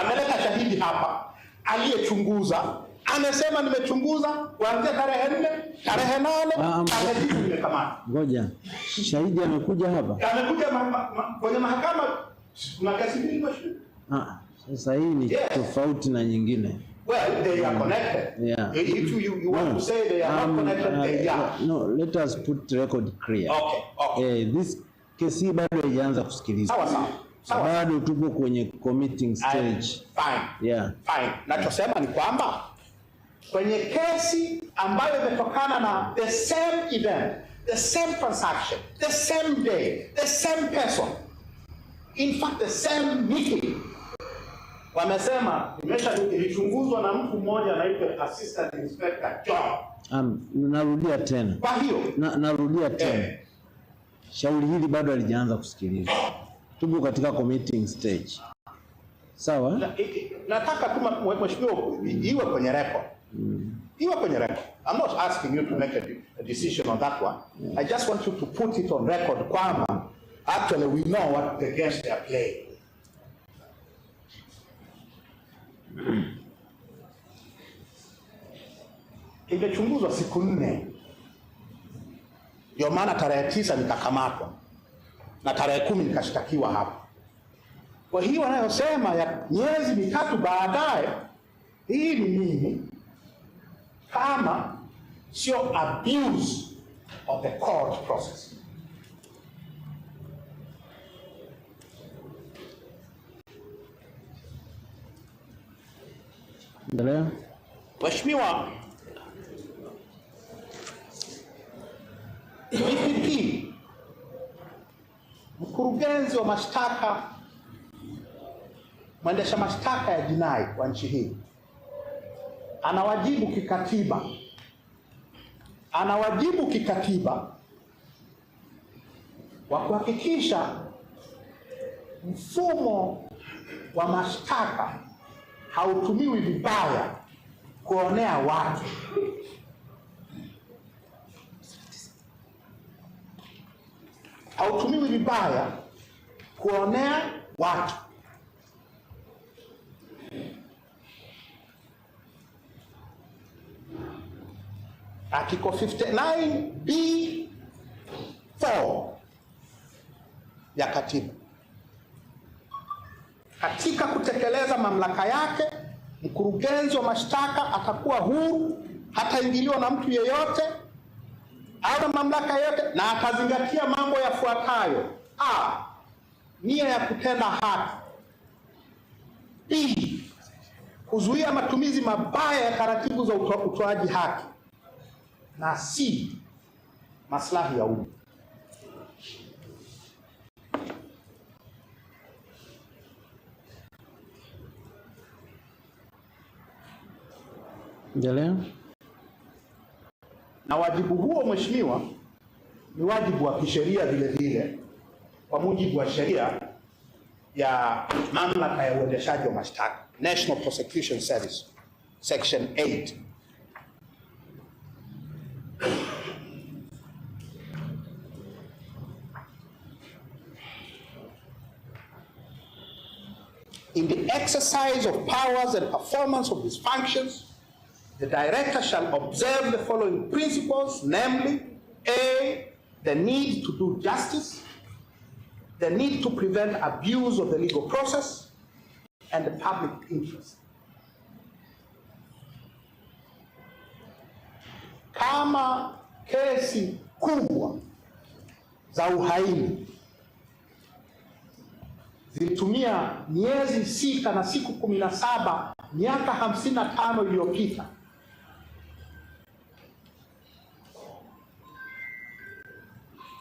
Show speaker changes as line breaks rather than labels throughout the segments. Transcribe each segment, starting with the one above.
Ameleta shahidi hapa aliyechunguza, anasema nimechunguza kuanzia tarehe nne tarehe nane ah, ah, tarehe nimekamata.
Ngoja, shahidi amekuja hapa,
amekuja ma, ma, ma, kwenye mahakama kuna kesi mbili
Ah, sasa hii ni yes, tofauti na nyingine. Well,
Yeah. Um, uh,
No, let us put record clear.
Okay, okay.
Eh, this kesi bado haijaanza kusikilizwa. Sawa sawa. So, bado tuko kwenye committing stage.
Fine. Yeah. Fine. Nachosema ni kwamba kwenye kesi ambayo imetokana na the same event, the same transaction, the same day, the same person, in fact the same meeting, wamesema imesha imeshachunguzwa na mtu mmoja anaitwa Assistant Inspector John.
Um, narudia tena. Kwa hiyo na, narudia eh. tena. Eh. Shauri hili bado halijaanza kusikilizwa tupo katika committing stage. Sawa? Na,
nataka tu mheshimiwa iwe kwenye record. Mm. Iwe kwenye record. I'm not asking you to make a, a decision on that one. Mm. I just want you to put it on record kwamba actually we know what the games they are playing. Ingechunguzwa siku nne, ndio maana tarehe tisa nitakamatwa na tarehe kumi nikashtakiwa hapa. Kwa hiyo wanayosema ya miezi mitatu baadaye, hii ni mimi kama sio abuse of the court process. Endelea Mheshimiwa DPP Mkurugenzi wa mashtaka, mwendesha mashtaka ya jinai wa nchi hii ana wajibu kikatiba, ana wajibu kikatiba wa kuhakikisha mfumo wa mashtaka hautumiwi vibaya kuonea watu. hautumiwi vibaya kuonea watu. Article 59B 4 ya katiba. Katika kutekeleza mamlaka yake, mkurugenzi wa mashtaka atakuwa huru, hataingiliwa na mtu yeyote ama mamlaka yote, na akazingatia mambo yafuatayo: a, nia ya kutenda haki; b, kuzuia matumizi mabaya ya taratibu za utoaji haki; na c, maslahi ya umma. Endelea na wajibu huo mheshimiwa, ni wajibu wa kisheria vile vile kwa mujibu wa sheria ya mamlaka ya uendeshaji wa mashtaka National Prosecution Service Section 8. In the exercise of powers and performance of these functions the director shall observe the following principles, namely, A, the need to do justice, the need to prevent abuse of the legal process, and the public interest. Kama kesi kubwa za uhaini zilitumia miezi sita na siku kumi na saba miaka hamsini na tano iliyopita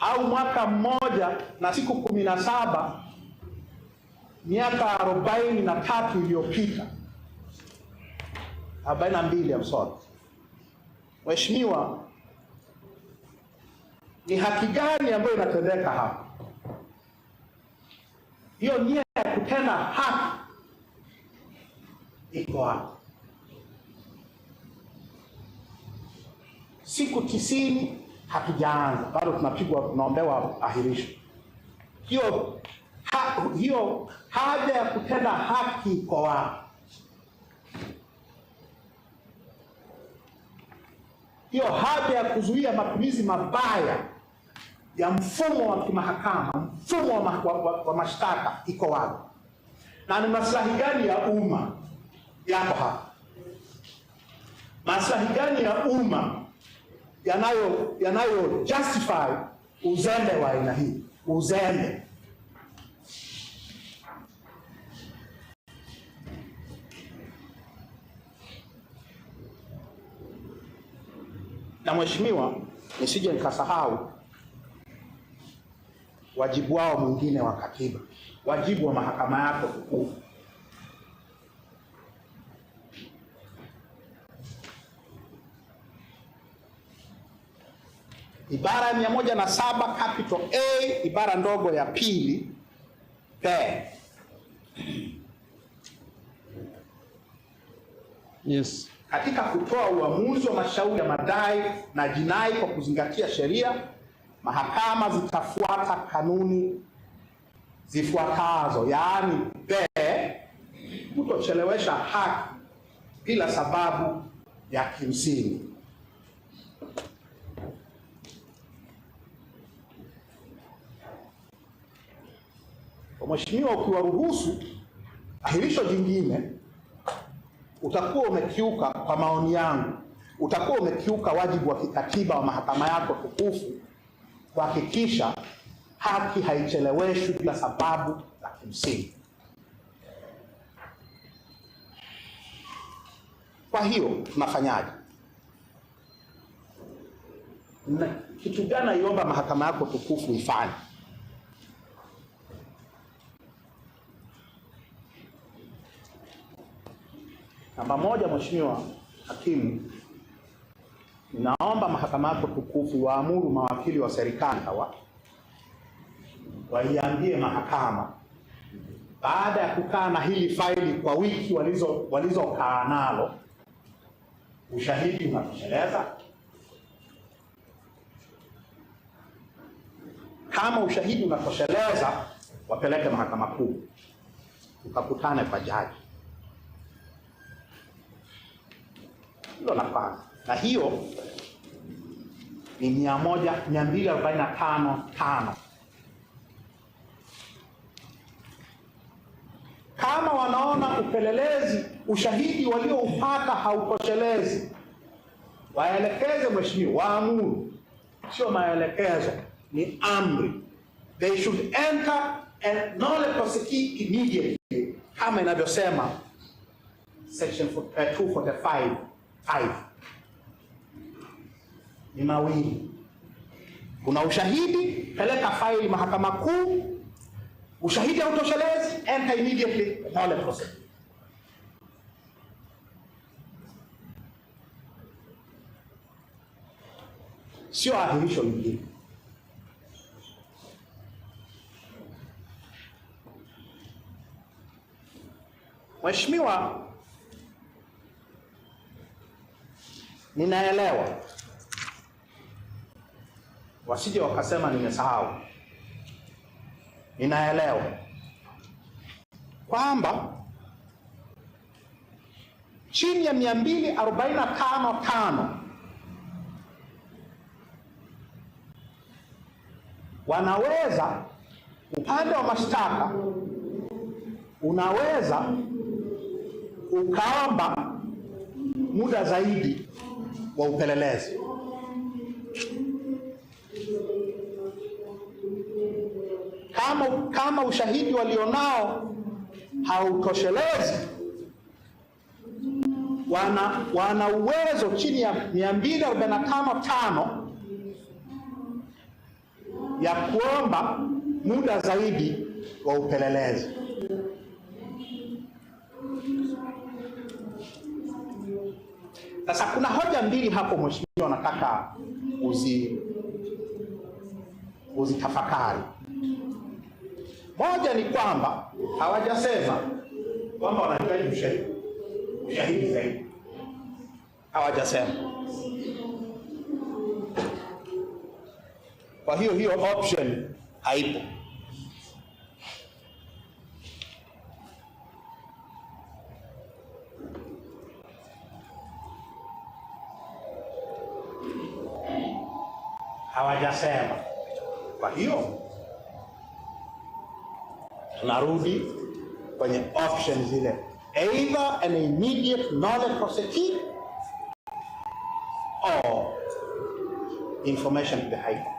au mwaka mmoja na siku kumi na saba miaka arobaini na tatu iliyopita, arobaini na mbili amsoa. Mheshimiwa, ni haki gani ambayo inatendeka hapa? Hiyo nia ya kutenda haki iko hapa. Siku tisini hatujaanza bado, tunapigwa tunaombewa ahirisho. Hiyo ha, hiyo haja ya kutenda haki kwa watu, hiyo haja ya kuzuia matumizi mabaya ya mfumo wa kimahakama, mfumo wa, ma, wa, wa, wa mashtaka iko wapi? Na ni maslahi gani ya umma yako hapa? Maslahi gani ya umma yanayo yanayo justify uzembe wa aina hii. Uzembe na mheshimiwa, nisije nikasahau wajibu wao mwingine wa katiba, wajibu wa mahakama yako kukuu ibara ya mia moja na saba capital A ibara ndogo ya pili b Yes. Katika kutoa uamuzi wa mashauri ya madai na jinai kwa kuzingatia sheria, mahakama zitafuata kanuni zifuatazo, yaani b kutochelewesha haki bila sababu ya kimsingi. mheshimiwa, ukiwaruhusu ahirisho jingine, utakuwa umekiuka, kwa maoni yangu, utakuwa umekiuka wajibu wa kikatiba wa mahakama yako tukufu kuhakikisha haki haicheleweshwi bila sababu za kimsingi. Kwa hiyo tunafanyaje? Kitu gani naiomba mahakama yako tukufu ifanye? Namba moja, Mheshimiwa Hakimu, ninaomba mahakama yako tukufu waamuru mawakili wa serikali hawa waiambie mahakama baada ya kukaa na hili faili kwa wiki walizo walizokaa nalo, ushahidi unatosheleza? Kama ushahidi unatosheleza, wapeleke mahakama kuu tukakutane kwa jaji. hilo la kwanza, na hiyo ni mia moja mia mbili arobaini na tano tano. Kama wanaona upelelezi ushahidi walioupata hautoshelezi, waelekeze mheshimiwa, waamuru. Sio maelekezo, ni amri. They should enter and not prosecute immediately, kama inavyosema section 245 Five. Ni mawili. Kuna ushahidi, peleka faili mahakama kuu. Ushahidi hautoshelezi, enter immediately nolle process. Sio ahirisho lingine. Mheshimiwa ninaelewa, wasije wakasema nimesahau. Ninaelewa kwamba chini ya mia mbili tano tano wanaweza upande wa mashtaka unaweza ukaomba muda zaidi wa upelelezi. Kama, kama ushahidi walionao hautoshelezi, wana wana uwezo chini ya 245 ya kuomba muda zaidi wa upelelezi. Sasa kuna hoja mbili hapo mheshimiwa, nataka uzi uzitafakari. Moja ni kwamba hawajasema kwamba wanahitaji ushahidi ushahidi zaidi, hawajasema. Kwa hiyo hiyo option haipo. hawajasema. Kwa hiyo tunarudi kwenye option zile, either an immediate knowledge prosecution or information to the high court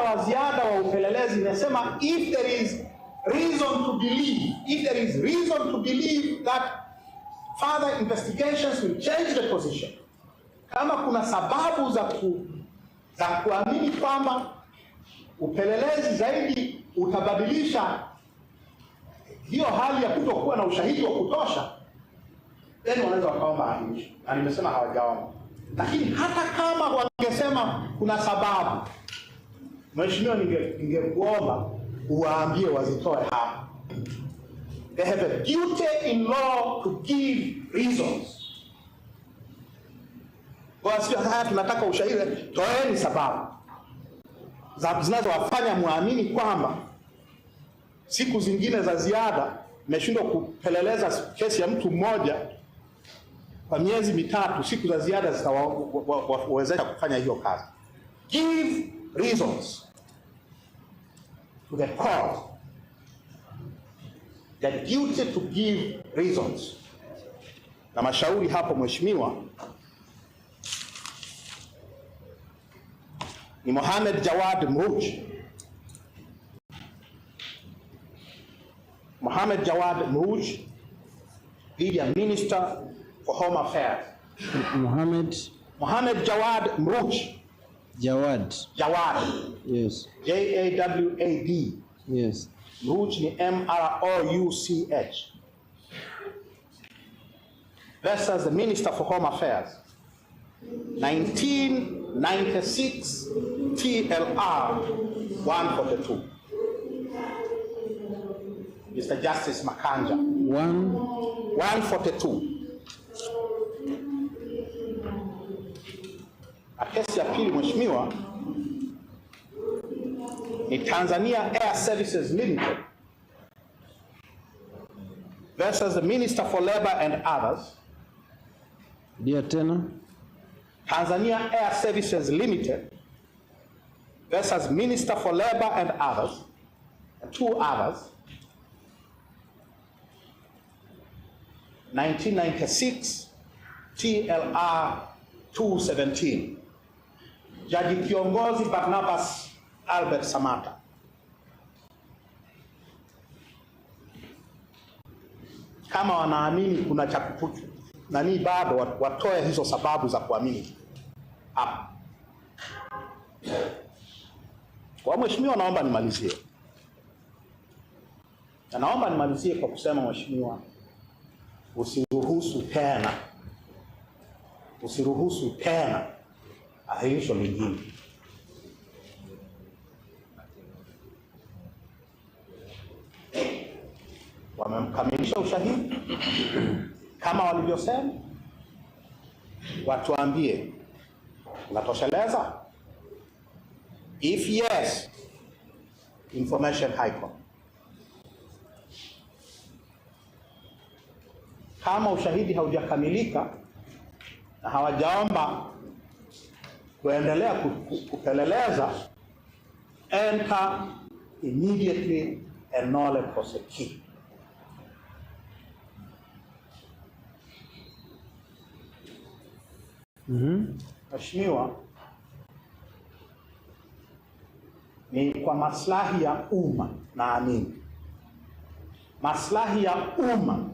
muda wa ziada wa upelelezi inasema if there is reason to believe if there is reason to believe that further investigations will change the position, kama kuna sababu za ku, za kuamini kwamba upelelezi zaidi utabadilisha hiyo hali ya kutokuwa na ushahidi wa kutosha, then wanaweza wakaomba ahirishwe, na nimesema hawajaomba. Lakini hata kama wangesema kuna sababu Mheshimiwa, ningekuomba uwaambie wazitoe hapa. They have a duty in law to give reasons. Kwa sababu haya, tunataka ushahidi, toeni sababu zinazowafanya muamini kwamba siku zingine za ziada mmeshindwa kupeleleza kesi ya mtu mmoja kwa miezi mitatu, siku za ziada zitawawezesha kufanya hiyo kazi. Give reasons to the court the duty to give reasons. Na mashauri hapo, mheshimiwa, ni Mohamed Jawad Mruj. Mohamed Jawad Mruj, ya Minister for Home Affairs. Mohamed Mohamed Jawad Mruj
Jawad.
Jawad. Yes. J A W A D. Yes. Mruch ni M R O U C H. Versus the Minister for Home Affairs. 1996 TLR 142. Mr. Justice Makanja.
One.
142. na kesi ya pili mheshimiwa, ni Tanzania Air Services Limited versus the Minister for Labor and others.
Dia tena
Tanzania Air Services Limited versus Minister for Labor and others two others 1996 TLR 217 Jaji kiongozi Barnabas Albert Samata. Kama wanaamini kuna cha nani, bado watoe hizo sababu za kuamini hapa. Kwa mheshimiwa, naomba nimalizie, na naomba nimalizie kwa kusema mheshimiwa, usiruhusu tena, usiruhusu tena ahirisho lingine Wamemkamilisha ushahidi kama walivyosema, watuambie unatosheleza? If yes, information haiko. Kama ushahidi haujakamilika na hawajaomba kuendelea kupeleleza enter immediately and Nole prosecute. Mm-hmm. Mheshimiwa, mm -hmm. Ni kwa maslahi ya umma, naamini maslahi ya umma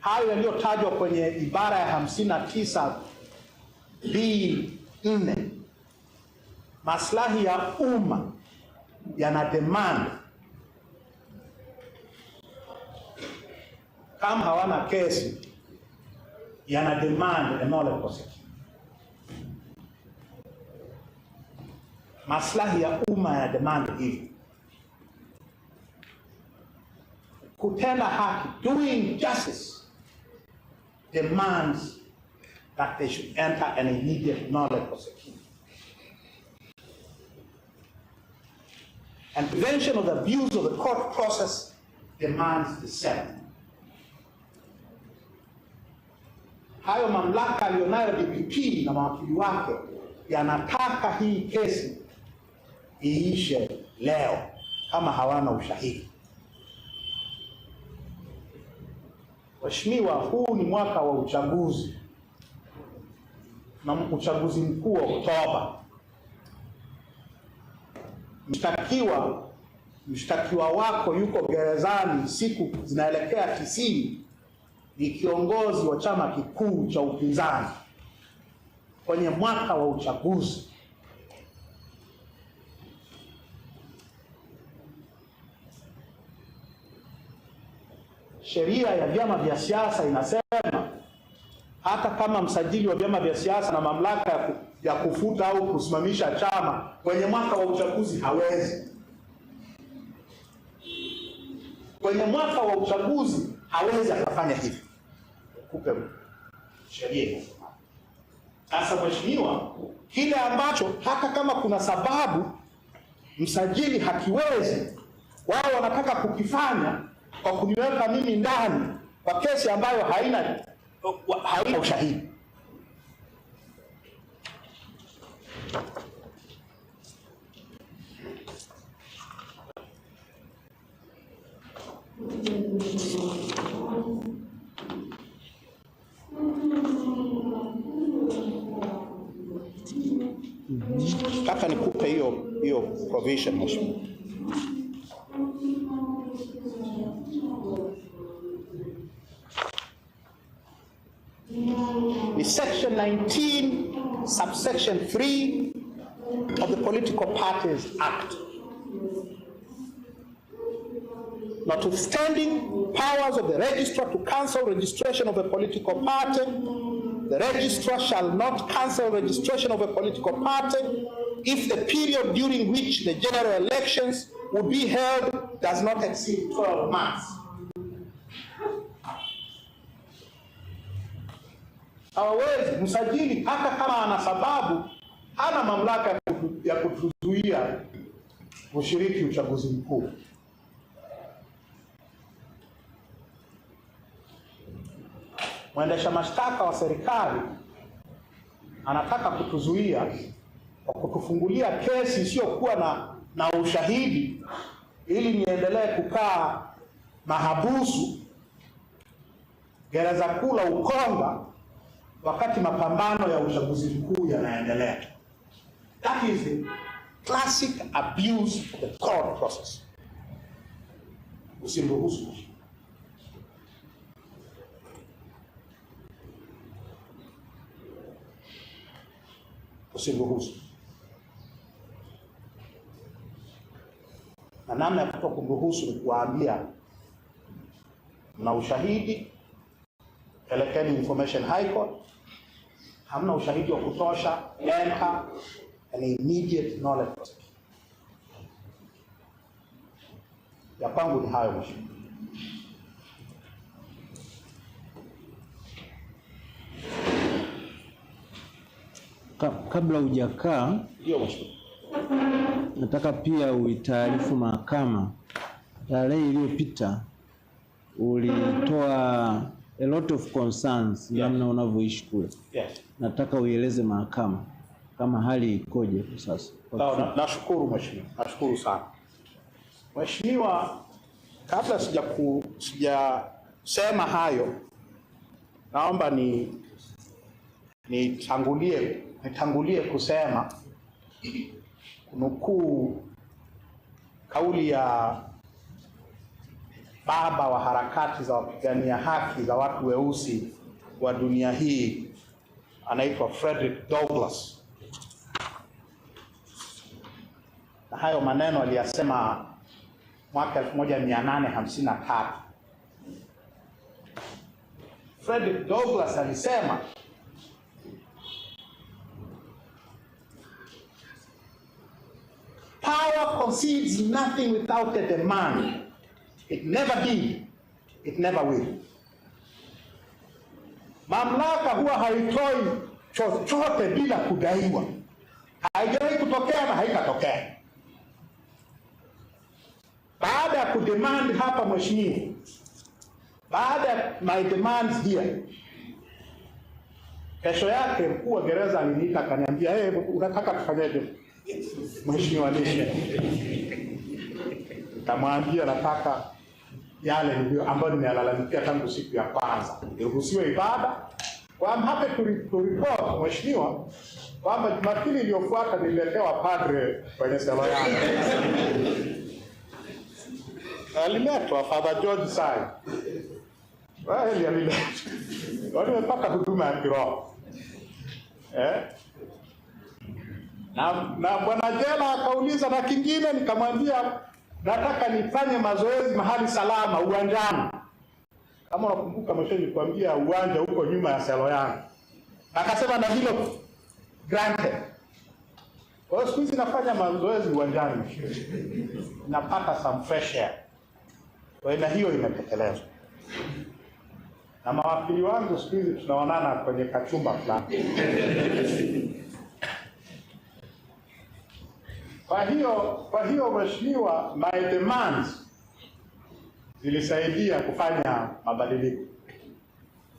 hayo yaliyotajwa kwenye ibara ya hamsini na tisa B nne, maslahi ya umma yana demand. Kama hawana kesi, yana demand enole prosecution. Maslahi ya umma yana demand hivi, kutenda haki, doing justice demands that they should enter an immediate null and prosecution. And prevention of the abuse of the court process demands the same. Hayo mamlaka aliyonayo DPP na mawakili wake yanataka hii kesi iishe leo kama hawana ushahidi. Waheshimiwa, huu ni mwaka wa uchaguzi. na uchaguzi mkuu wa Oktoba. Mshtakiwa mshtakiwa wako yuko gerezani siku zinaelekea tisini, ni kiongozi wa chama kikuu cha upinzani kwenye mwaka wa uchaguzi. Sheria ya vyama vya siasa inasema hata kama msajili wa vyama vya siasa na mamlaka ya kufuta au kusimamisha chama kwenye mwaka wa uchaguzi hawezi, kwenye mwaka wa uchaguzi hawezi akafanya hivyo, kupe sheria. Sasa mheshimiwa, kile ambacho hata kama kuna sababu msajili hakiwezi, wao wanataka kukifanya kwa kuniweka mimi ndani kwa kesi ambayo haina haina ushahidi. kaka nikupe hiyo hiyo provision mheshimiwa. Parties Act. Notwithstanding powers of the registrar to cancel registration of a political party, the registrar shall not cancel registration of a political party if the period during which the general elections would be held does not exceed 12 months. Hawawezi msajili hata kama ana sababu, hana mamlaka ya kutuzuia kushiriki uchaguzi mkuu. Mwendesha mashtaka wa serikali anataka kutuzuia kwa kutufungulia kesi isiyokuwa na, na ushahidi ili niendelee kukaa mahabusu gereza kuu la Ukonga wakati mapambano ya uchaguzi mkuu yanaendelea. That is the classic abuse of the court process. Usimruhusu. Usimruhusu. Na namna ya kutoa kumruhusu ni kuwaambia na ushahidi, elekeni Information High Court. Hamna ushahidi wa kutosha, enda an immediate knowledge project. Ya kwangu ni hayo mheshimiwa.
Kabla hujakaa, ndio mheshimiwa, nataka pia uitaarifu mahakama, tarehe iliyopita ulitoa a lot of concerns namna yes, unavyoishi kule yes. Nataka uieleze mahakama kama hali ikoje kwa sasa?
Nashukuru na mheshimiwa, nashukuru sana mheshimiwa. Kabla sija ku, sijasema hayo, naomba ni nitangulie nitangulie kusema kunukuu kauli ya baba wa harakati za wapigania haki za watu weusi wa dunia hii, anaitwa Frederick Douglass na hayo maneno aliyasema mwaka 1853. Frederick Douglass alisema power concedes nothing without a demand. It never did. It never will. Mamlaka huwa haitoi chochote bila kudaiwa. Haijawahi kutokea na haitatokea baada ya kudemand hapa mheshimiwa, baada ya my demands here, kesho yake mkuu wa gereza aliniita akaniambia, hey, eh, unataka tufanyeje mheshimiwa Lishe? Nikamwambia nataka yale ndio ambayo nimeyalalamikia tangu siku ya kwanza, niruhusiwe ibada. Kwa I'm happy to report mheshimiwa kwamba Jumapili iliyofuata nililetewa padre kwenye sala yangu aliletwa Father George Sai aliletwa, huduma ya kiroho eh? na na bwana jela akauliza, na kingine nikamwambia, nataka nifanye mazoezi mahali salama, uwanjani. Kama unakumbuka Moshe, nilikwambia uwanja huko nyuma ya selo yangu. Akasema na hilo granted. Kwa hiyo siku hizi nafanya mazoezi uwanjani, napata some fresh air. Kwa hiyo na hiyo imetekelezwa na mawakili wangu, siku hizi tunaonana kwenye kachumba fulani. Kwa hiyo kwa hiyo, mheshimiwa, my demands zilisaidia kufanya mabadiliko.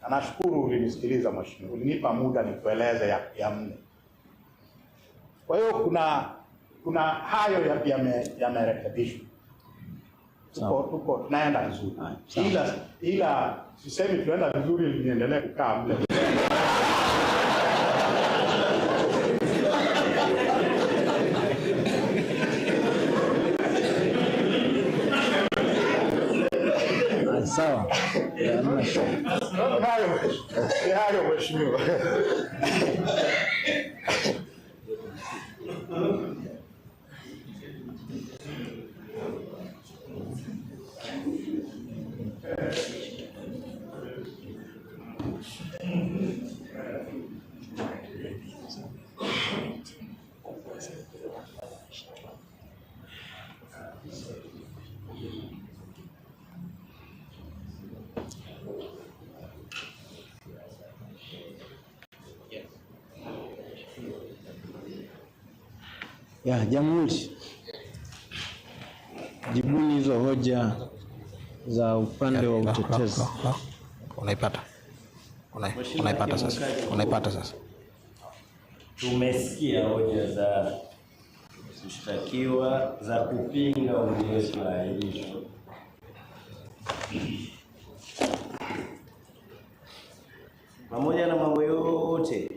Nashukuru ulinisikiliza mheshimiwa, ulinipa muda nikueleze ya, ya mne. Kwa hiyo kuna kuna hayo yamerekebishwa ya tuko tuko naenda vizuri, ila ila sisemi tunaenda vizuri, niendelee kukaa mle Sawa, hayo mheshimiwa.
ya jamhuri. Jibuni hizo hoja za upande wa utetezi.
Unaipata, unaipata sasa, unaipata sasa. Tumesikia hoja za mshtakiwa za kupinga uongozi wa ahirisho. Pamoja na mambo yote